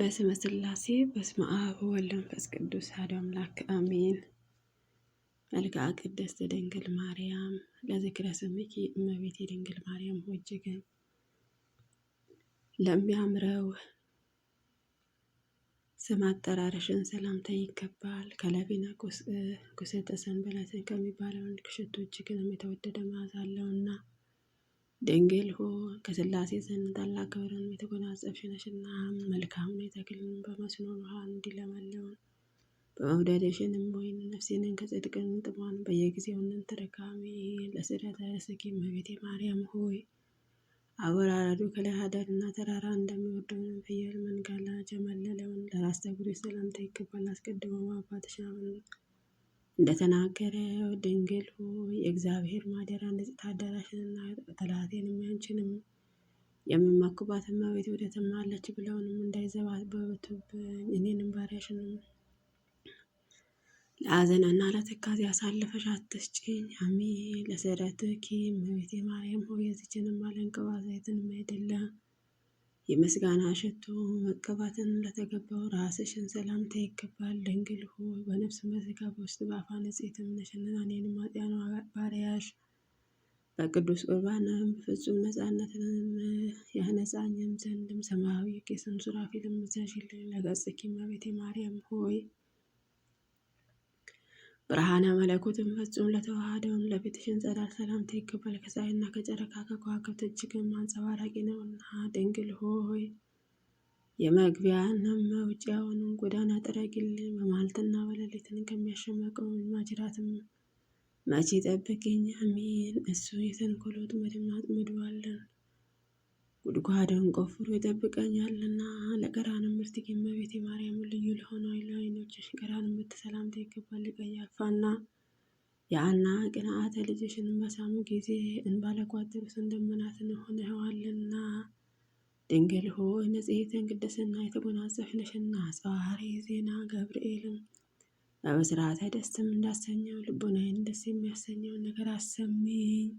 በስመ ስላሴ በስመ አብ ወወልድ ወመንፈስ ቅዱስ አሐዱ አምላክ አሜን። መልክዓ ቅድስት ድንግል ማርያም ለዝክረ ስምኪ እመቤቴ ድንግል ማርያም ሆይ ለሚያምረው ስም አጠራርሽን ሰላምታ ይገባል። ከለቢና ኩሴተ ሰንበላትን ከሚባለው ንክሽቱ እጅግንም የተወደደ መዓዛ አለውና ድንግል ሆይ ከስላሴ ዘንድ ታላቅ ክብርን የተጎናጸፍሽ ነሽና መልካም ተክልን በመስኖ ውሃ እንዲለመልም በመውደድሽንም ወይን ነፍሴንን ከጽድቅን ጥሟን በየጊዜውንን ተረካሚ ለስደት ረስኪ መቤቴ ማርያም ሆይ አወራረዱ ከላይ ሀደርና ተራራ እንደሚወርደውን ፍየል መንጋላ ጀመለለውን ለራስ ተጉሪ ሰላምታ ይገባል። አስቀድሞ አባትሽ አሁን እንደተናገረው ድንግል ሆይ የእግዚአብሔር ማደሪያ ንጽሕት አዳራሽንና ጠላቴንም አንቺንም የምመኩባት እመቤት ወደ ተማለች ብለውንም እንዳይዘባት እንዳይዘባበቱብኝ እኔንም ባሪያሽንም እና ለትካዜ አሳልፈሽ አትስጪኝ። አሚ ለስዕረትኪ እመቤቴ ማርያም ሆይ የዚችንም ዓለም ቅባት ዘይትን አይደለም የምስጋና ሸቶ መቀባትን ለተገባው ራስሽን ሰላምታ ይገባል። ድንግል ሆይ በነፍስ በስጋ በውስጥ በአፋ ንጽሕትም ነሽና እኔንም ኃጥኣን ባሪያሽ በቅዱስ ቁርባንም ፍጹም ነፃነትንም ያነጻኝም ዘንድም ሰማያዊ ቄስም ሱራፊልም እዘዥልኝ። ለገጽኪ እመቤቴ ማርያም ሆይ ብርሃነ መለኮትን ፍጹም ለተዋሃደውን ለቤትሽን ጸዳል ሰላምታ ይገባል። ከፀሐይና ከጨረቃ ከከዋክብት እጅግም አንጸባራቂ ነውና ድንግል ሆይ የመግቢያና መውጫውን ጎዳና ጥረጊልኝ። በመዓልትና በሌሊትን ከሚያሸመቀው ማጅራትም መቼ ጠብቂኝ። አሜን። እሱ የተንኮሎት መድማት ምድዋለን ጉድጓድን ቆፍሮ ይጠብቀኛልና ለቀራን ምርት እመቤቴ ማርያም ልዩ ለሆነ ለዓይኖችሽ ቀራን ምርት ሰላምታ ይገባል። ቀያፋና የአና ቅንአተ ልጅሽን በሳሙ ጊዜ እንባለቋጠሩት ደመናትን ሆነዋልና ድንግል ሆይ ንጽሕትን ቅድስና የተጎናጸፍንሽና ጸዋሪ ዜና ገብርኤልም በብስራተ ደስትም እንዳሰኘው ልቦናዬን ደስ የሚያሰኘውን ነገር አሰሚኝ።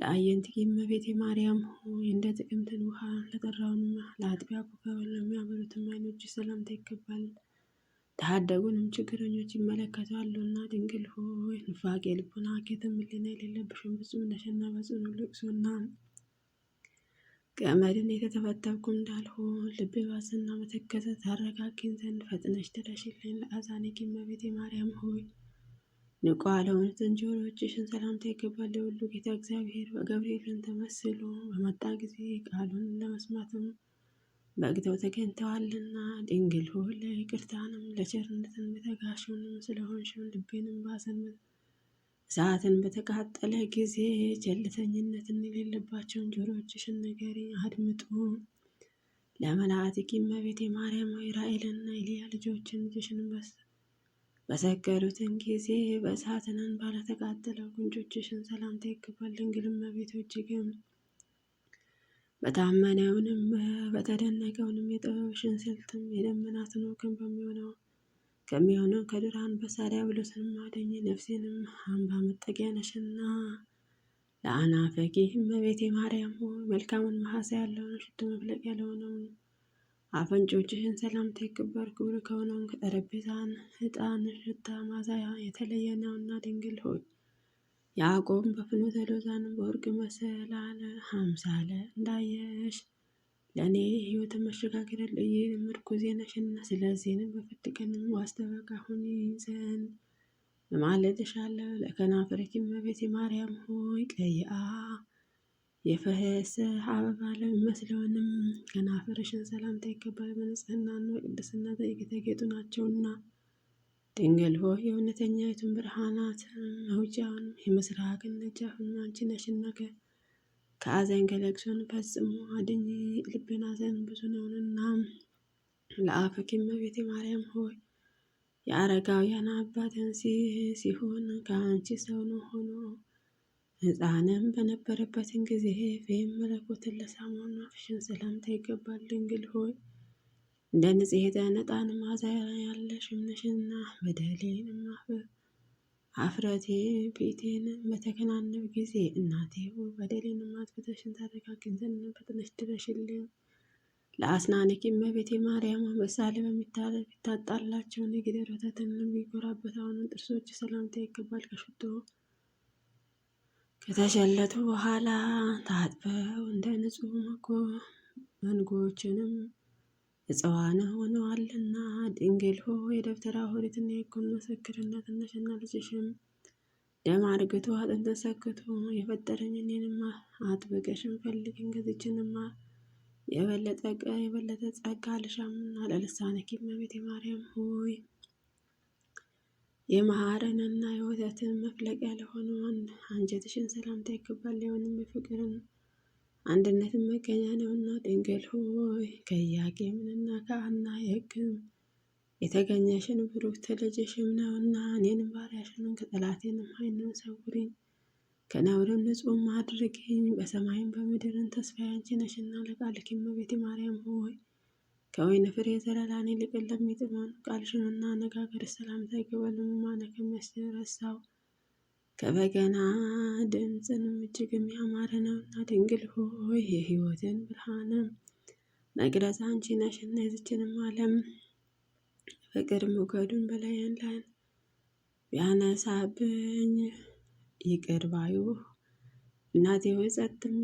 ለአየንት እመቤቴ ማርያም ሆይ እንደ ጥቅምትን ውሃ ለጠራውና ለአጥቢያ ኮከብ ለሚያበሩትም ዓይኖች ሰላምታ ይገባል። ተሃደጉንም ችግረኞች ይመለከታሉና ድንግል ሆይ ንፋቅ የልቡና ሀኬትም ሕሊና የሌለብሽም ፍጹም ነሽና በጽኑ ልቅሶና ገመድን የተተፈተፍኩ እንዳልሆን ልቤ ባስና በተከዘ ታረጋጊኝ ዘንድ ፈጥነሽ ድረሽልኝ። ለአዛኔኪ እመቤቴ ማርያም ሆይ ንቋ ለሆነት እንጂ ጆሮዎችሽን ሰላምታ ይገባል። ለሁሉ ጌታ እግዚአብሔር በገብርኤልን ተመስሎ በመጣ ጊዜ ቃሉን ለመስማትም በግተው ተገኝተዋልና ድንግል ሆይ ለይቅርታንም ለቸርነትን በተጋሽንም ስለሆንሽም ልቤንም ባዘን ሰዓትን በተቃጠለ ጊዜ ቸልተኝነትን የሌለባቸውን ጆሮዎችሽን ነገሪ አድምጡ። ለመላእክት እመቤቴ ማርያም ራኤልና ኤልያ ልጆችን ልጅሽን በሳ በሰቀሉትን ጊዜ በእሳትንን ባለተቃጠለው ጉንጮችሽን ሰላምታ ይገባል። ድንግል እመቤት እጅግም በታመነውንም በተደነቀውንም የጥበብሽን ስልትም የደመናትን ወገን በሚሆነው ከሚሆነው ከዱር አንበሳ ዲያብሎስንም አደኝ ነፍሴንም አምባ መጠጊያ ነሽና ለአናፈቂ እመቤቴ ማርያም ሆይ መልካምን መዓዛ ያለውን ሽቱ መፍለቅ ያለውንም አፍንጮችህን ሰላምታ ይገባል። ክቡር ከሆነው ከጠረጴዛን ዕጣን ሽታ ማዛ የተለየ ነውና ድንግል ሆይ ያዕቆብን በፍኖተ ሎዛን በወርቅ መሰላለ አምሳለ እንዳየሽ ለእኔ ሕይወት መሸጋገሪያ ልዩ ምርኩዜ ነሽና ስለዚህንም በፍርድ ቀንም ዋስተበቃ ሁኚ ዘንድ እማልድሻለሁ። ለከናፍርኪ መቤት ማርያም ሆይ ቀይአ የፈሰህ አበባ ለሚመስለውንም ፈረሽን ሰላምታ ይገባል። በንጽህናና በቅድስና የተጌጡ ናቸውና ድንግል ሆይ የእውነተኛይቱን ብርሃናት መውጫውን የምስራቅን ደጃፍና አንቺ ነሽና ከ- ከአዘን ገለግሶን ፈጽሞ አድኝ። ልብን አዘን ብዙ ነውንና ለአፍኪም እመቤቴ ማርያም ሆይ የአረጋውያን አባት አንሲ ሲሆን ከአንቺ ሰው ነው ሆኖ ሕፃንም በነበረበትን ጊዜ ኤፍሬም መለኮትን ለሳሙና አፍሽን ሰላምታ ይገባል። ድንግል ሆይ እንደ ንጽሔተ ንጣን መዓዛ አፍረቴ በተከናነብ ጊዜ እናቴ ሆይ በደሌንም አጥፍተሽን ታረጋግኝ ዘንድ ፈጥነሽ ድረሽልኝ። እመቤቴ ማርያም በሚታጣላቸው ንግድ የሚጎራበት ጥርሶች ሰላምታ ይገባል ከሽቶ ከተሸለቱ በኋላ ታጥበው እንደ ንጹህ ንጹሕ መንጎችንም እጽዋነ ሆነዋልና ድንግል ሆይ የደብተራ ኦሪትን የኮን ምስክርነት እናሽና ልጅሽም ደም አርግቶ አጥንተ ሰክቶ የፈጠረኝ እኔንማ አጥብቀሽን ፈልግን ገዝችንማ የበለጠ የበለጠ ጸጋ ልሻምና ለልሳነ መቤት የማርያም ሆይ የመሐርንና የወተትን መፍለቂያ ለሆነውን አንጀትሽን ሰላምታ ይገባል። ሊሆንም የፍቅርን አንድነትን መገኛ ነውና ድንግል ሆይ ከኢያቄምንና ከሐና የግም የተገኘሽን ብሩክት ልጅሽም ነውና እኔንም ባሪያሽንም ከጠላቴንም ኃይልን ሰውሪኝ ከነውርም ንጹሕም አድርጊኝ። በሰማይም በምድርን ተስፋዬ አንቺ ነሽና ለቃል እመቤቴ ማርያም ሆይ ከወይን ፍሬ ዘለላን ይልቅ ለሚጥመን ቃልሽንና አነጋገር ሰላምታ ይገባል። ልመና ከሚያስረሳው ከበገና ድምፅንም እጅግ የሚያማረ ነውና ድንግል ሆይ የሕይወትን ብርሃን መግለጽ አንቺ ነሽ እና የዝችንም ዓለም ፍቅር ሞገዱን በላይን ላይ ቢያነሳብኝ ይቅር ባዩ እናቴ ሆይ ጸጥም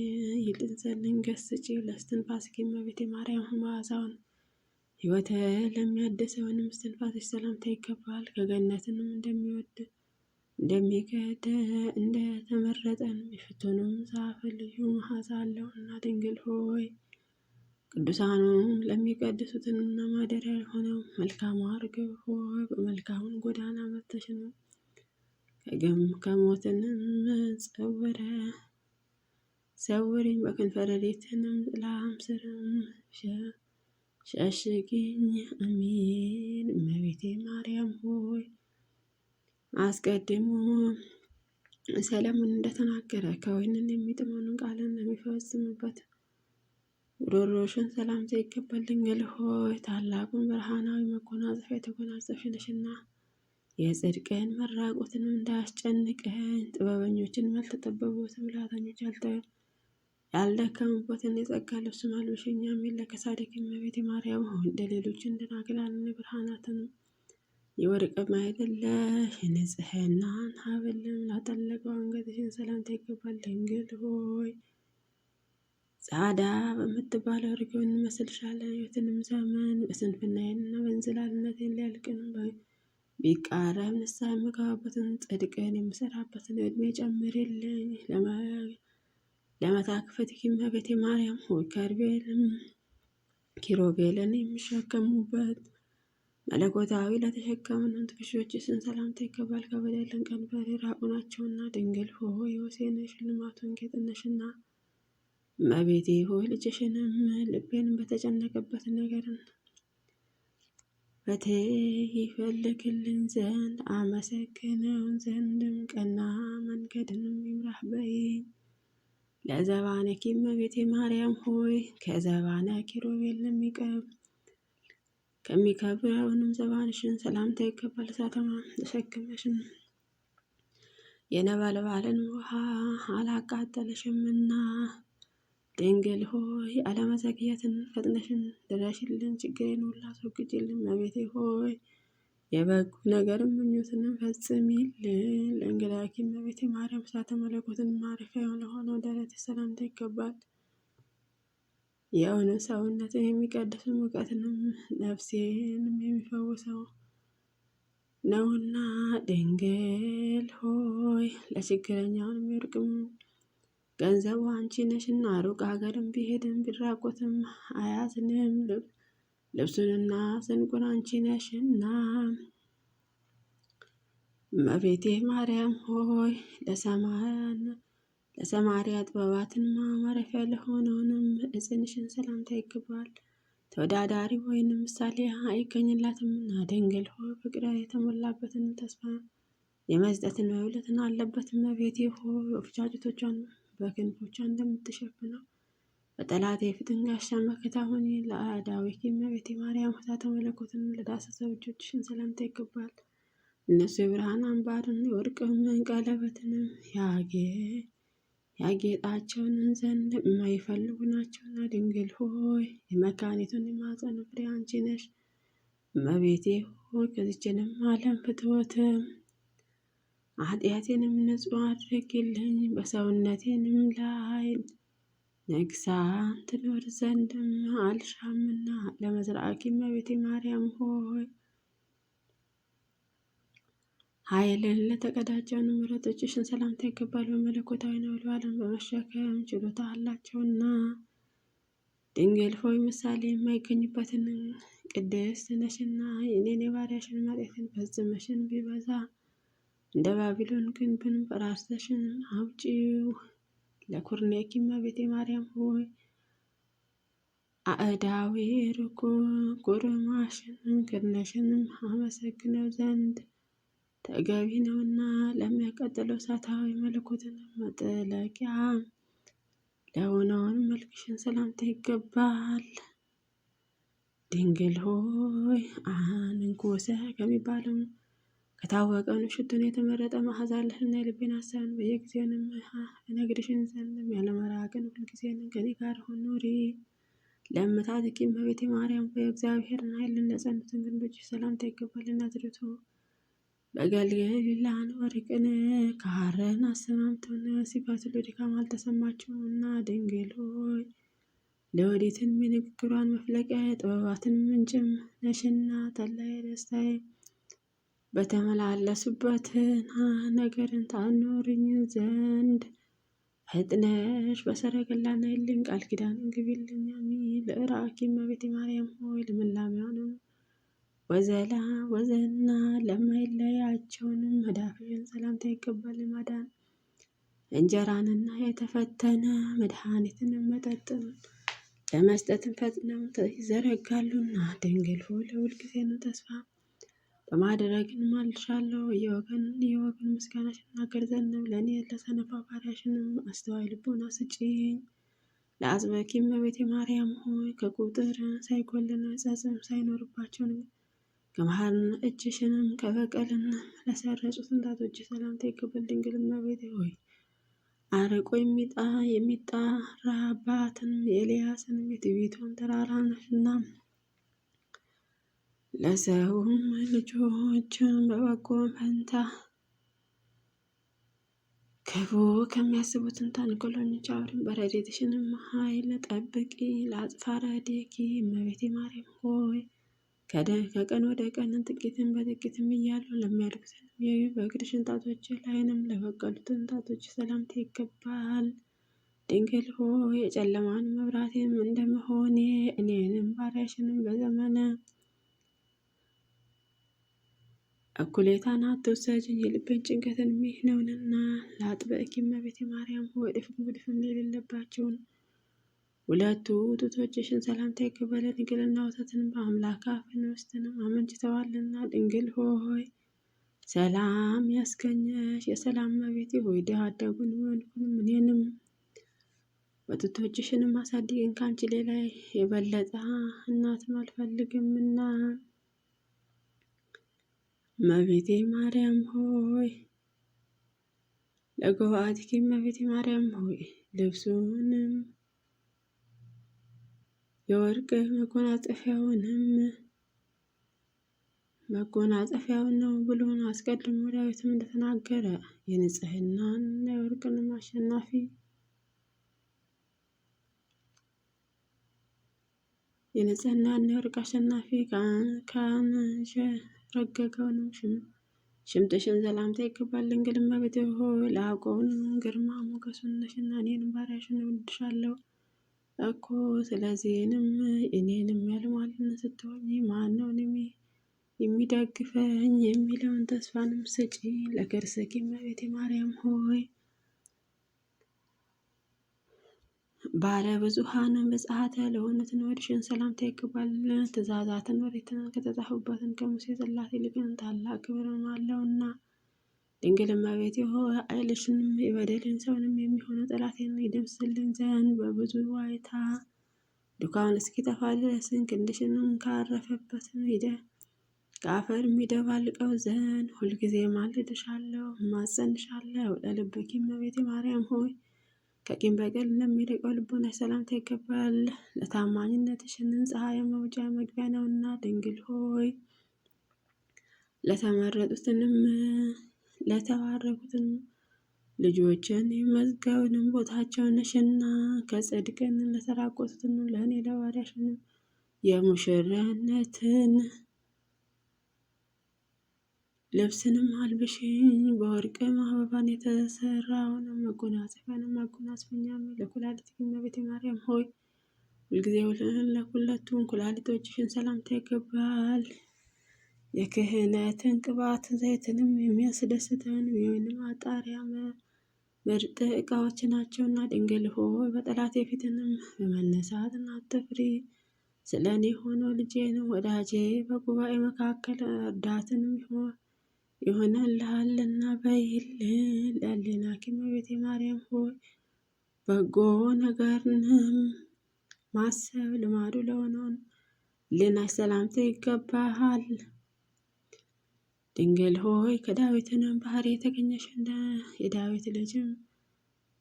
ይልን ዘንድ ገስጪ ለስትንፋስ እመቤቴ ማርያም መዓዛውን ሕይወት ለሚያደሰውንም እስትንፋስሽ ሰላምታ ይገባል። ከገነትንም እንደሚወድ እንደሚቀደ እንደተመረጠን የሽቱንም ዛፍ ልዩ አለው እና ድንግል ሆይ ለሚቀድሱትን ለሚቀድሱትንና ማደሪያ የሆነው መልካም አርግብ ሆይ በመልካሙን ጎዳና መርተሽ ነው ከግም ከሞትንም ጸወረ ሰውሪኝ በክንፈ ሌሊትንም ጥላም ስርም ሸሽግኝ አሜን እመቤቴ ማርያም ሆይ አስቀድሞ ሰለሞን እንደተናገረ ከወይንን የሚጥመውን ቃልን የሚፈጽምበት ጉሮሮሽን ሰላምታ ይገባልኛል ሆይ ታላቁን ብርሃናዊ መጎናጸፊያ የተጎናጸፍንሽና የጽድቅን መራቆትን እንዳያስጨንቀን ጥበበኞችን ያልተጠበቡ ብላተኞች ያልደከምኩበትን የጸጋ ልብስ መልበሽ እኛም ለከሳድቅ እመቤቴ ማርያም ሆይ እንደ ሌሎች እንደ ደናግላን ብርሃናትን የወርቅ ማይደለሽ ንጽሕናን ሀብልን ላጠለቀው አንገትሽን ሰላምታ ይገባል። ድንግል ሆይ ጻዳ በምትባለው ርግብ እንመስልሻለን። ሕይወትንም ዘመን በስንፍናዬንና በእንዝላልነቴን ሊያልቅን ቢቃረብ ንስሐ የምገባበትን ጽድቅን የምሰራበትን ዕድሜ ጨምሪልኝ ለመ ለመታክ ፈትኪ እመቤቴ ማርያም ሆይ ከርቤልም ኪሮቤልን የሚሸከሙበት መለኮታዊ ለተሸከምነው ትከሻዎች ስን ሰላምታ ይገባል። ከበደልን ቀንበር የራቁናቸውና ድንግል ሆይ የወሴነ ሽልማቱን ጌጥነሽና እመቤቴ ሆይ ልጅሽንም ልቤንም በተጨነቀበት ነገርን በቴ ይፈልግልን ዘንድ አመሰግነውን ዘንድም ቀና መንገድንም ይምራህ በይኝ። ለዘባነኪ እመቤቴ ማርያም ሆይ ከዘባነ ኪሩቤል ለሚቀርብ ከሚከብር አሁንም ዘባንሽን ሰላምታ ይገባል። ሳተማ ተሸክመሽን የነበልባልን ውሃ አላቃጠለሽምና ድንግል ሆይ አለመዘግየትን ፈጥነሽን ድረሽልን፣ ችግሬን ሁሉ አስወግጅልን። እመቤቴ ሆይ የበጉ ነገርም ምኞትንም ፈጽሚልን። ለእንግዳኪ እመቤቴ ማርያም ሳተ መለኮትን ማረፊያ ለሆነው ደረት ሰላምታ ይገባል። የእውነት ሰውነትን የሚቀድስ ሙቀትንም ነፍሴንም የሚፈውሰው ነውና ድንግል ሆይ ለችግረኛውንም የወርቅም ገንዘቡ አንቺ ነሽና ሩቅ ሀገርም ቢሄድም ቢራቆትም አያዝንም ልብ ልብሱንና ስንቁን አንቺ ነሽና እመቤቴ ማርያም ሆይ ለሰማርያ ጥበባትና ማረፊያ ለሆነውንም እጽንሽን ሰላምታ ይገባል። ተወዳዳሪ ወይንም ምሳሌ አይገኝላትምና ድንግል ሆይ ፍቅር የተሞላበትን ተስፋ የመስጠትን መብለትን አለበት። እመቤቴ ሆይ ወፍጫጭቶቿን በክንፎቿ እንደምትሸፍነው በጠላቴ ፍጥኝ ጋሻ መከታ ሆኔ ለአዳዊት እመቤቴ ማርያም ሆታተ መለኮትን ለዳሰሰ እጆችሽን ሰላምታ ይገባል። እነሱ የብርሃን አምባርን የወርቅም ቀለበትንም ያጌ ያጌጣቸውን ዘንድ የማይፈልጉ ናቸውና ድንግል ሆይ የመካኒቱን የማፀን ፍሬ አንቺ ነሽ። እመቤቴ ሆይ ከዚችንም ዓለም ፍትወትም ኃጢአቴንም ንጹሕ አድርግልኝ በሰውነቴንም ላይ ነግሣት ትኖር ዘንድም አልሻምና ለመዝራእኪ እመቤቴ ማርያም ሆይ ኃይልን ለተቀዳጀውን ምሕረቶችሽን ሰላምታ ይገባል። በመለኮታዊ ነበልባልን በመሸከም ችሎታ አላቸውና ድንግል ሆይ ምሳሌ የማይገኝበትን ቅድስት ነሽና የኔን የባሪያሽን ኃጢአትን ፈጽመሽን ቢበዛ እንደ ባቢሎን ግንብን በራስሽን አውጪው። ለኩርኔኪ እመቤቴ ማርያም ሆይ አእዳዊ ርኩ ጉርማሽን ክድነሽንም አመሰግነው ዘንድ ተገቢ ነውና ለሚያቀጥለው እሳታዊ መለኮትን መጠለቂያ ለሆነውን መልክሽን ሰላምታ ይገባል። ድንግል ሆይ አንንኩሰ ከሚባለው ከታወቀ ነው ሽቱን የተመረጠ መዓዛ አለህና የልቤን ሀሳብ ነው ሀሳብን በየጊዜውንም እነግርሽን ዘንድም ያለመራቅን ሁልጊዜን ከኔ ጋር ሁኑሪ። ለምታድቂ እመቤቴ ማርያም ሆይ እግዚአብሔርን ኃይልን ለጸኑትን ግንቦች ሰላምታ ይገባልና ዝርቱ በገልገሊላን ወርቅን ከሐረን አሰማምተን ሲባቱ ለድካም አልተሰማችውምና ድንግል ሆይ ለወዴትን የንግግሯን መፍለቂያ የጥበባትን ምንጭም ነሽና ተላይ ደስታዬ በተመላለሱበትና ነገርን ታኖርኝ ዘንድ ፈጥነሽ በሰረገላ ነይልኝ ቃል ኪዳን ግቢልኝ የሚል ራኪ መቤቴ ማርያም ሆይ ልምላሜዋንም ወዘላ ወዘና ለማይለያቸውንም መዳፍሽን ሰላምታ ይገባል ማዳን እንጀራንና የተፈተነ መድኃኒትንም መጠጥን ለመስጠትን ፈጥነው ይዘረጋሉና ድንግል ሆይ ለሁልጊዜ ነው ተስፋ በማድረግ ማልሻለሁ የወገን የወገን ምስጋና ሽናገር ዘንብ ለእኔ ለሰነፋ ባሪያሽንም አስተዋይ ልቦና ስጪኝ። ለአዝበኪም በቤተ ማርያም ሆይ ከቁጥር ሳይጎልን ጸጽም ሳይኖርባቸው ከመሃል እጅሽንም ከበቀልና ለሰረጹት እንዳቶች ሰላምታ ይገባል። ድንግል እመቤቴ ሆይ አርቆ የሚጣ የሚጣራባትን የኤልያስንም የትዕቢቱን ተራራንና ለሰውም ልጆችን በበጎ ፈንታ ክፉ ከሚያስቡት ታንኮሎን ቻውርን በረድኤትሽንም ኃይል ጠብቂ። ለአጽፋራዴኪ እመቤቴ ማርያም ሆይ ከቀን ወደ ቀን ጥቂትን በጥቂትም እያሉ ለሚያድጉትን በእግርሽን ጣቶች ላይንም ለበቀሉትን ጣቶች ሰላምታ ይገባል። ድንግል ሆይ የጨለማን መብራቴም እንደመሆኔ እኔንም ባሪያሽንም በዘመነ እኩሌታን አትውሰጂኝ የልቤን ጭንቀትን ይህ ነውንና ላጥብቅ እመቤቴ ማርያም ሆይ እድፍም ግድፍም የሌለባቸውን ሁለቱ ጡቶችሽን ሰላምታ ይገባል። ድንግልና ወተትንም በአምላክ አፍን ውስጥንም አመንጭተዋልና ድንግል ሆይ ሰላም ያስገኘሽ የሰላም እመቤቴ ሆይ ድሃ አደጉን ወንድኩንም እኔንም በጡቶችሽንም አሳድጊን። ከአንቺ ሌላ የበለጠ እናትም አልፈልግምና እመቤቴ ማርያም ሆይ ለጉባኤኪ እመቤቴ ማርያም ሆይ ልብሱንም የወርቅ መጎናጸፊያውንም መጎናጸፊያው ነው ብሎን አስቀድሞ ዳዊትም እንደተናገረ የንጽህናን የወርቅንም አሸናፊ የንጽህናን የወርቅ አሸናፊ ካንሸ ረገገውን ሽምጥሽን ሰላምታ ይገባል። እንግዲህ እመቤቴ ሆይ ላቆን ግርማ ሞገሱን ነሽና እኔንም ባሪያሽን እወድሻለሁ እኮ ስለዚህንም እኔንም ያልማልን ስትሆኝ ማነው እኔ የሚደግፈኝ የሚለውን ተስፋንም ስጪ። ለከርሰኪ እመቤቴ ማርያም ሆይ ባለ ብዙሃን መጽሐት ለሆኑትን ወድሽን ሰላምታ ይገባል። ትእዛዛትን ወሬትን ከተጻፉበትን ከሙሴ ጽላት ይልቅን ታላቅ ክብርን አለውና ድንግል እመቤት ሆይ አይልሽንም የበደልን ሰውንም የሚሆነ ጠላቴን ይደምስልን ዘንድ በብዙ ዋይታ ዱካውን እስኪጠፋ ድረስን ክንድሽንም ካረፈበትን ሂደ ከአፈር የሚደባልቀው ዘንድ ሁልጊዜ ማልድሻለሁ፣ ማጸንሻለሁ። ለልበኪ እመቤቴ ማርያም ሆይ ከቂም በቀል ለሚርቀው ልቦና ሰላምታ ይገባል። ለታማኝነትሽንም ፀሐይ መውጫ መግቢያ ነውና ድንግል ሆይ ለተመረጡትንም ለተባረኩትን ልጆችን የመዝገብንም ቦታቸው ነሽና ከጽድቅን ለተራቆቱትንም ለእኔ ለባሪያሽንም የሙሽራነትን ልብስንም አልብሽኝ በወርቅም አበባን የተሰራውን መጎናጸፊያንም አጎናጽፈኛም ለኩላሊት እመቤቴ ማርያም ሆይ ሁልጊዜ ውልህን ለሁለቱም ኩላሊቶችሽን ሰላምታ ይገባል። የክህነትን ቅባት ዘይትንም የሚያስደስተን ወይንም ማጣሪያ ምርጥ እቃዎች ናቸውና ድንግል ሆይ በጠላት የፊትንም በመነሳትን አትፍሪ። ስለ እኔ ሆኖ ልጄን ወዳጄ በጉባኤ መካከል እርዳትንም ይሆን ይሆነልሃልና በይልን ያለን ሐኪም ቤት ማርያም ሆይ በጎ ነገርንም ማሰብ ልማዱ ለሆነውን ልና ሰላምተ ይገባሃል። ድንግል ሆይ ከዳዊትንም ባህር የተገኘሽ እንደ የዳዊት ልጅም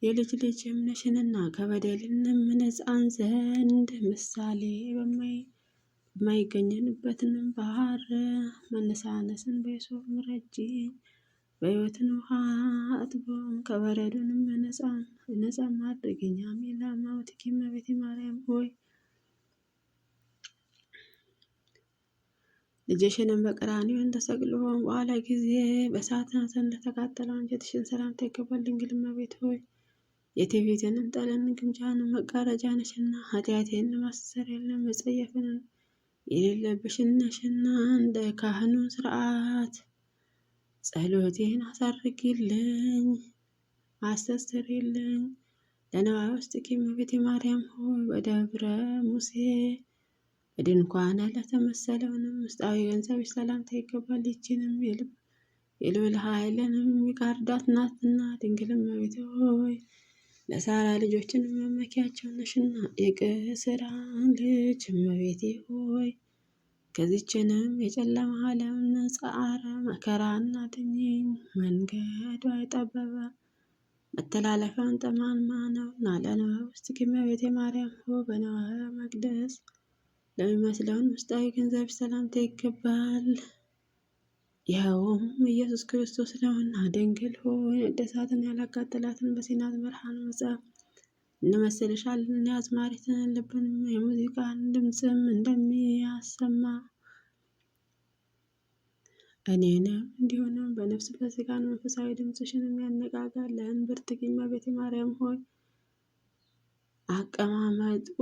የልጅ ልጅም ነሽንና ከበደልንም ነፃን ዘንድ ምሳሌ በማይ የማይገኝንበትንም ባህር መነሳነስን በሶም ረጂ በህይወትን ውሃ አጥቦን ከበረዶንም ነፃን ነፃን አድርገኝ። አሜን። ላማወትኪ እመቤቴ ማርያም ሆይ ልጅሽንም በቀራንዮ ተሰቅሎ በኋላ ጊዜ በእሳት እንደተቃጠለው አንጀትሽን ሰላምታ ይገባል። ድንግል እመቤት ሆይ የትዕቢትንም ጠለን ግምጃን መጋረጃ ነሽና ኃጢአቴን ማስተሰሪያና መጸየፍን የሌለብሽን ነሽና እንደ ካህኑ ስርዓት ጸሎቴን አሳርግልኝ አስተስርልኝ። ለነዋይ ውስጥ ኪመቤት ማርያም ሆይ በደብረ ሙሴ በድንኳን ለተመሰለውንም ውስጣዊ ገንዘብሽ ሰላምታ ይገባል። ይችንም የልብ የልብል ኃይልንም የሚጋርዳት ናትና ድንግልም መቤት ሆይ ለሳራ ልጆችን መመኪያቸው ነሽና የቅስራን ልጅ እመቤቴ ሆይ ከዚችንም የጨለማ ዓለም ጻዕረ መከራና አድኝኝ። መንገዱ አይጠበበ መተላለፊያዋን ጠማማ ነውና ለነዋይ ውስጥ እመቤቴ ማርያም ሆ በነዋየ መቅደስ ለሚመስለውን ውስጣዊ ገንዘብ ሰላምታ ይገባል። ይኸውም ኢየሱስ ክርስቶስ ነውና ድንግል ሆይ እደሳትን ያላቃጠላትን በሲናት በረሃ መጽሐፍ እንመስልሻለን የአዝማሪትን ልብን የሙዚቃን ድምፅም እንደሚያሰማ እኔንም እንዲሆንም በነፍስ በስጋን መንፈሳዊ ድምፅሽን የሚያነቃቃ ለእንብርት ግኛ ቤተ ማርያም ሆይ አቀማመጡ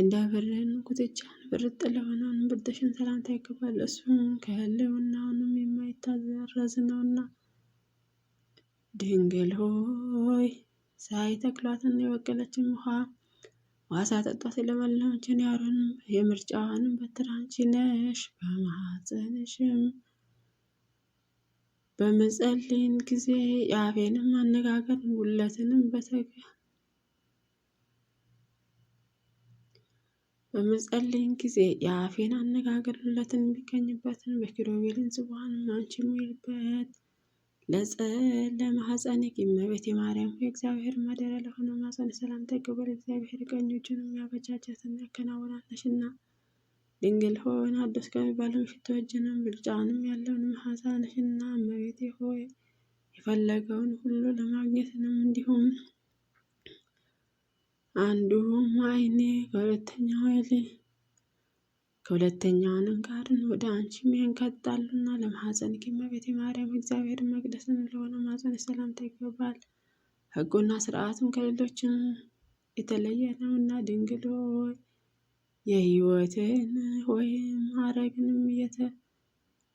እንደ ብርን ጉትቻን ብርጥ ለሆነውን ብርድሽን ሰላምታ ይገባል። እሱም ከህልውናውንም የማይታዘዝ ነውና ድንግል ሆይ ሳይ ሳይተክሏትን የበቀለችን ውሃ ዋሳ ጠጧት የለመለመችን ያሩን የምርጫዋንም በትር አንቺ ነሽ። በማኅፀንሽም በምጸልይን ጊዜ የአፌንም አነጋገር ጉለትንም በተግ በመጸለይን ጊዜ የአፌን አነጋገር ሁለትን የሚገኝበትን በኪሮቤልን ጽዋንም አንቺ የሚልበት ለጸ ለማሐፀንኪ እመቤቴ የማርያም የእግዚአብሔር ማደሪያ ለሆነ ማፀን ሰላም ተቀበል። እግዚአብሔር ቀኞቹን የሚያበጃጃት የሚያከናውናለሽና ድንግል ሆይ አዲስ ከሚባለው ሽቶ እጅንም ብልጫንም ያለውን መዓዛ ነሽና እመቤቴ ሆይ የፈለገውን ሁሉ ለማግኘትንም እንዲሁም አንዱ አይኔ ከሁለተኛው ወይሌ ከሁለተኛው አንንጋርን ወደ አንቺም ያንጋጣልና ለማኅፀን እመቤቴ ማርያም እግዚአብሔር መቅደስን ለሆነ ማኅፀን ሰላምታ ይገባል። ሕጉና ሥርዓቱም ከሌሎችም የተለየ ነውና ድንግል ሆይ የህይወትን ወይም ማዕረግንም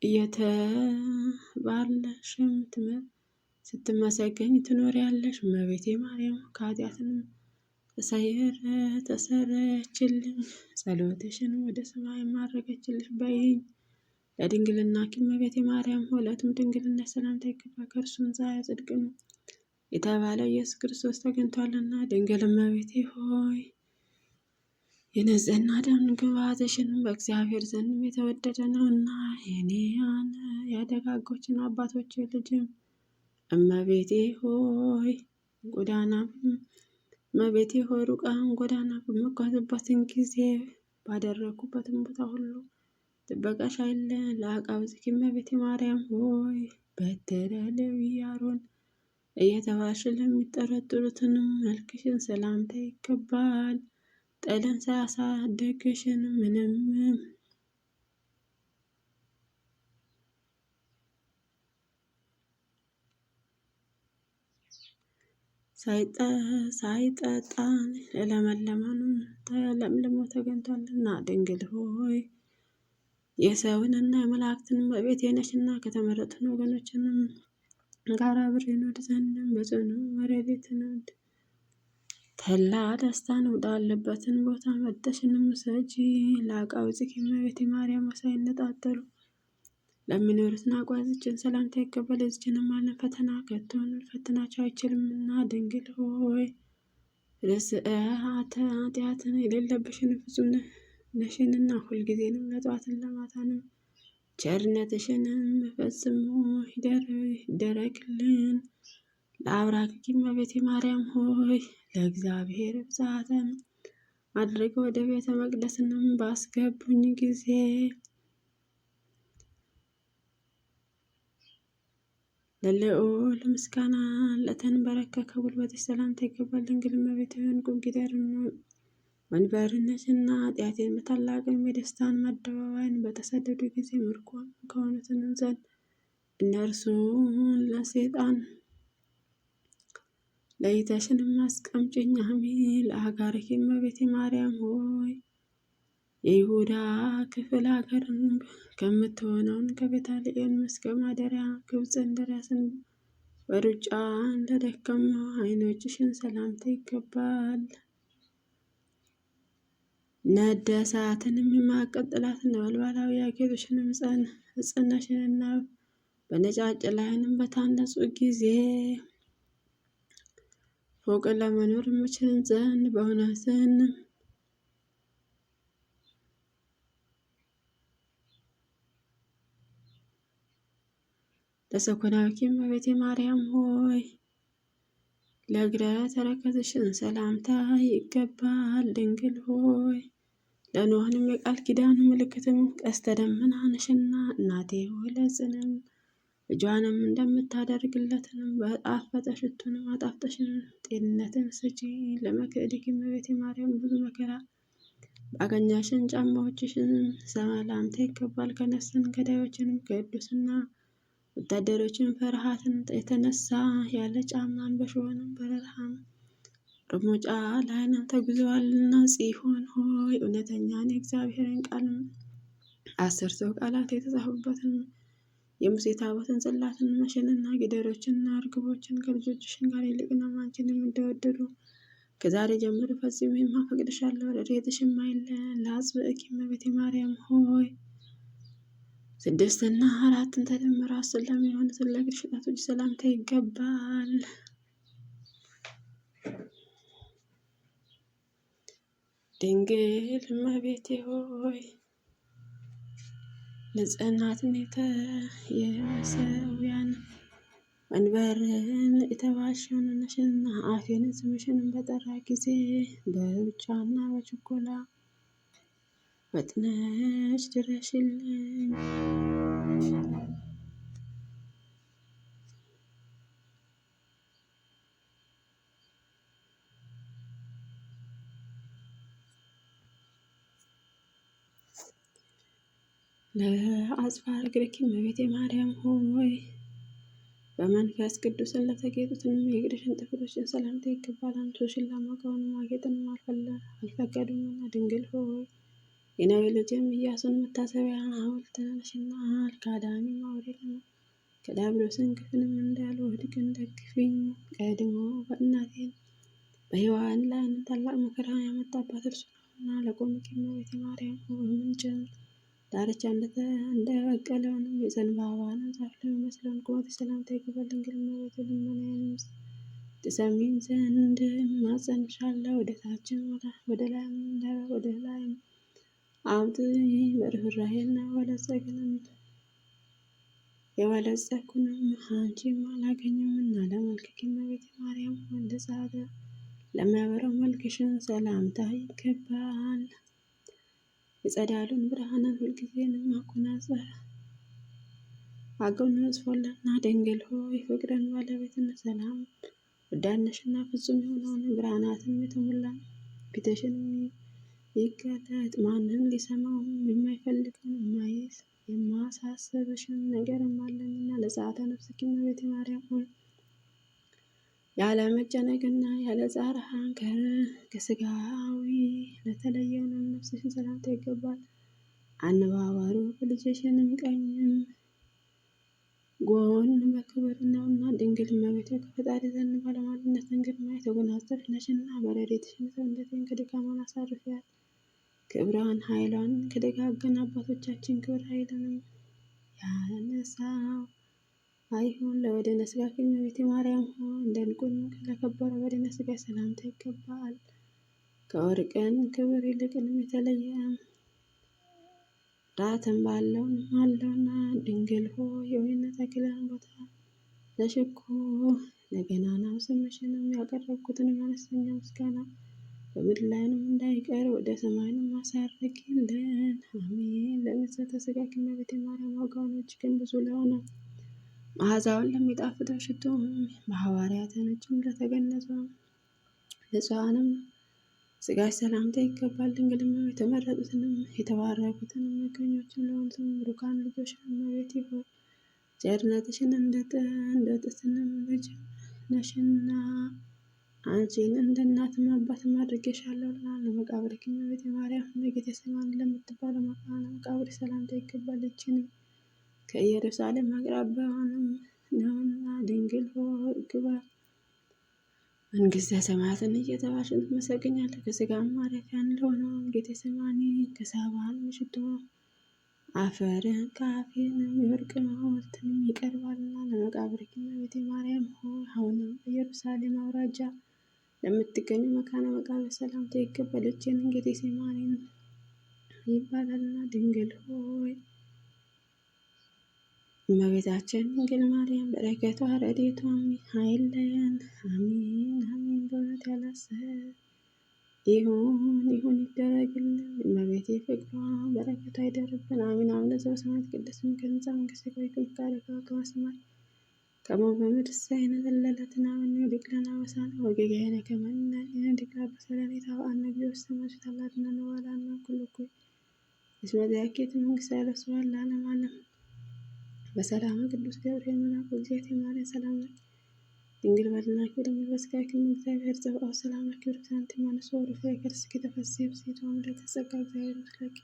እየተባለሽም ስትመሰገኝ ትኖሪያለሽ። እመቤቴ ማርያም ከኃጢአትንም ተሰየረ ተሰረችልኝ ጸሎትሽን ወደ ሰማይ ማረገችልሽ በይኝ። ለድንግልና ኪመቤት የማርያም ማርያም ሁለቱም ድንግልና ሰላምታ ይገባ ከእርሱም ዛሬ ጽድቅም የተባለው ኢየሱስ ክርስቶስ ተገኝቷልና ድንግል እመቤቴ ሆይ የንጽሕና ደም ግባትሽንም በእግዚአብሔር ዘንድም የተወደደ ነውና ያነ የደጋጎችን አባቶች ልጅም እመቤቴ ሆይ ጎዳናም እመቤቴ ሆይ ሩቅህን ጎዳና በምጓዝበትን ጊዜ ባደረግኩበትን ቦታ ሁሉ ጥበቃሽ አይለኝ። ለአቃብጽኪ እመቤቴ ማርያም ሆይ በትረ ለዊ አሮን እየተባሽ ለሚጠረጥሩትን መልክሽን ሰላምታ ይገባል። ጠለን ሳያሳድግሽን ምንም ሳይጠጣን ለመለመኑን ተለምልሞ ተገኝቷልና ድንግል ሆይ የሰውንና የመላእክትን እመቤት ነሽና ከተመረጡን ወገኖችንም ጋር አብር እንወድ ዘንድ በጽኑ ወረዴት ነድ ተላ ደስታን ወዳለበትን ቦታ መደሽንም ሰጂ ላቃውጽኪ መቤት ማርያም ሳይነጣጠሉ ለሚኖሩትና ጓዝችን ሰላምታ ይገባል። እዝችንም አለን ፈተና ከቶን ፈትናቸው አይችልምና ድንግል ሆይ ርስአተ ኃጢአትን የሌለብሽን ፍጹም ነሽንና ሁልጊዜንም ለጠዋትን ለማታንም ቸርነትሽንም ፈጽሞ ይደረግልን። ለአብራክ እመቤቴ ማርያም ሆይ ለእግዚአብሔር ብዛትን አድርገው ወደ ቤተ መቅደስንም ባስገቡኝ ጊዜ ለልዑል ምስጋና ለተንበረከከ ጉልበት ሰላምታ ይገባል። ድንግል እመቤት ሆይ ኪዳርን መንበርነሽና ኃጢአቴን በታላቅም የደስታን መደባባይን በተሰደዱ ጊዜ ምርኮ ከሆኑትን ዘንድ እነርሱን ለሴጣን ለይተሽንም አስቀምጪኝ። አሜን። ለአጋርኪ እመቤቴ ማርያም ሆይ የይሁዳ ክፍል ሀገርን ከምትሆነውን ከቤታልኤል እስከ ማደሪያ ግብፅን ድረስን በሩጫ ለደከሙ አይኖችሽን ሰላምታ ይገባል። ነደ ሰዓትንም የማቀጥላትን ነበልባላዊ ያጌጡሽንም ሕጽናሽንና በነጫጭ ላይንም በታነጹ ጊዜ ፎቅ ለመኖር ምችን ዘንድ በእውነትን ለሰኮናዊኪ እመቤቴ ማርያም ሆይ ለእግረ ተረከዝሽን ሰላምታ ይገባል። ድንግል ሆይ ለኖህንም የቃል ኪዳኑ ምልክትም ቀስተ ደመናንሽና እናቴ ሆይ ለጽንም ልጇንም እንደምታደርግለትንም በጣፈጠ ሽቱንም አጣፍጠሽን ጤንነትን ስጪ። ለመክእድኪ እመቤቴ ማርያም ብዙ መከራ ባገኛሽን ጫማዎችሽን ሰላምታ ይገባል። ከነፍስን ገዳዮችንም ከቅዱስና ወታደሮችን ፍርሃትን የተነሳ ያለ ጫማን በሾንም በረሃም ርሞጫ ላይንም ተጉዘዋልና ጽዮን ሆይ እውነተኛን የእግዚአብሔርን ቃል አስር ሰው ቃላት የተጻፉበትን የሙሴ ታቦትን ጽላትን መሸንና ጊደሮችንና እርግቦችን ከልጆችሽን ጋር ነው አንቺን የሚደወደዱ ከዛሬ ጀምሮ ፈጽሜ ማፈቅድሻለሁ። ረድኤትሽም አይለየን። ለአጽብዕኪ እመቤቴ ማርያም ሆይ ስድስትና አራትን ተደምሮ አስር ለሚሆን ስለግል ሽጣቶች ሰላምታ ይገባል። ድንግል እመቤቴ ሆይ ንጽሕናትን የሰውያን መንበርን የተባሽውን ነሽና አፌን ስምሽን በጠራ ጊዜ በሩጫና በችኮላ ፈጥነሽ ድረሽልኝ። ለአጽፋር ግርኪ መቤቴ ማርያም ሆይ በመንፈስ ቅዱስን ለተጌጡትንም የእግርሽን ጥፍሮችን ሰላምታ ይገባል። አንቺ ሽላማ መቃውን ማጌጥንም አልፈቀዱምና ድንግል ሆይ የነዌ ልጅም ኢያሱን መታሰቢያ ሐውልት ነሽና አልካዳኒ ነው። ከዳብሎስን ግፍንም እንዳልወድቅን ደግፊኝ። ቀድሞ በእናቴን በሔዋን ላይ ታላቅ መከራ ያመጣባት እርሱ ነውና ለቆመች እመቤቴ ማርያም በምንጭም ዳርቻ እንደበቀለውንም የዘንባባንም ዛፍ ለሚመስለውን ቁመት ሰላምታ ይገባል። ድንግል እመቤቴ ልመናዬን ትሰሚኝ ዘንድ እማጸንሻለሁ። ወደ ታችም ወደ ላይም ወደ ላይም አምጡኝ በርኅራኄና በለጸግንም የበለጸግኩንም አንቺም አላገኘምና ለመልክኪን እመቤቴ ማርያም እንደ ጻደ ለሚያበራው መልክሽን ሰላምታ ይገባል። የጸዳሉን ብርሃንን ሁልጊዜንም አጎናጸፈ አጎናጽፎልና ድንግል ሆይ ፍቅርን ባለቤትን ሰላም ወዳነሽና ፍጹም የሆነውን ብርሃናትን የተሞላ ፊትሽን ይገለጥ። ማንም ሊሰማው የማይፈልገውን የማይዝ የማሳሰብሽን ነገር አለንና ለጸአተ ነፍስኪን እመቤቴ ማርያም ሆይ ያለ መጨነቅና ያለ ጻር ሀንከር ከስጋዊ ለተለየውን ነፍስሽን ሰላምታ ይገባል። አነባባሩ ልጅሽንም ቀኝም ጎን በክብር ነውና ድንግል እመቤቴ ከፈጣሪ ዘንድ ባለሟልነት ግርማ የተጎናጸፍሽ ነሽና በረድኤትሽን ሰውነቴን ከድካሟ አሳርፊያት። ክብሯን ኃይሏን ከደጋገን አባቶቻችን ክብር ኃይል ነው ያነሳው። አይሁን ለወደነ ስጋ ከእመቤቴ ማርያም ሆ እንደ ንቁን ለከበረ ወደነ ስጋ ሰላምታ ይገባል። ከወርቅን ክብር ይልቅንም የተለየ ዳትን ባለው አለውና ድንግል ሆ የወይነት ተክልን ቦታ ለሽኩ ለገናናው ስምሽንም ያቀረብኩትን አነስተኛ ምስጋና በምድላንም እንዳይቀር ወደ ሰማይንም አሳርግልን። አሜን። ለንጽሕተ ሥጋኪ ቤተ ማርያም ዋጋውን እጅግን ብዙ ለሆነ መዓዛውን ለሚጣፍጠው ሽቶ በሐዋርያትህ እጅም ለተገነጸው ንጹሐንም ስጋሽ ሰላምታ ይገባል። ድንግልም የተመረጡትንም የተባረኩትን ምርኮኞችን ለሆኑትም ብሩካን ልጆች እመቤቴ ሆይ ቸርነትሽን እንደጥ ጥስንም ልጅ ነሽና አንቺን እንደ እናትም አባትም አድርጌሻለሁ ለአንድ መቃብር ክኝ ቤተ ማርያም በጌተ ሰማኒ ለምትባለ መቃና መቃብር ሰላምታ ይገባል። ይችንም ከኢየሩሳሌም አቅራቢያ ነውና ድንግል ግባ መንግስተ ሰማያትን እየተባሽ ትመሰግኛለሽ። ከስጋም ማረፊያ እንደሆነው ጌተ ሰማኒ ከሰባን ምሽቶ አፈርን ካፊን የወርቅ ሐውልትን ይቀርባልና ለመቃብር እመቤቴ ማርያም ሆይ አሁንም ኢየሩሳሌም አውራጃ ለምትገኙ መካነ መቃብር ሰላምታ ይገባል። ይችን እንግዲህ ሴማሪን ይባላልና ድንግል ሆይ እመቤታችን ድንግል ማርያም በረከቷ ረድኤቷ አይለየን። አሜን አሜን። በእውነት ያላሰብ ይሁን ይሁን ይደረግልን። እመቤቴ ፍቅሯ በረከቷ ይደርብን። አሜን አሜን። ለዘበሰማያት ቅድስት መንከንዛ መንግሥተ ቀሞ በመድሳ የነዘለለትና ወኔ ዲቅለና ወሳና ወገጋየነ ከመና የነ ዲቅላ በሰለሌታ በአነ ጊዮስ ተማች ታላድና ነዋላና ኩልኩ እስመ መንግስት ያለስዋል ለዓለም በሰላም ቅዱስ ገብርኤል መልአኩ እግዚአብሔር የማርያም ሰላም ነው። ድንግል በድናኪ ድንግል በስጋኪ እግዚአብሔር ጸባኦ ሰላም ለኪብር ሳንቲ ማነሶ ወርፎ የከርስኪ ተፈስብ ሴቶ ምሕረተ ጸጋ እግዚአብሔር ምስለኪ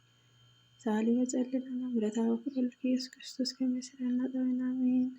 ሳሊ ወጸልልና ምሕረታ በኩል ኢየሱስ ክርስቶስ ከመ ይሥረየና ጠበና አሜን።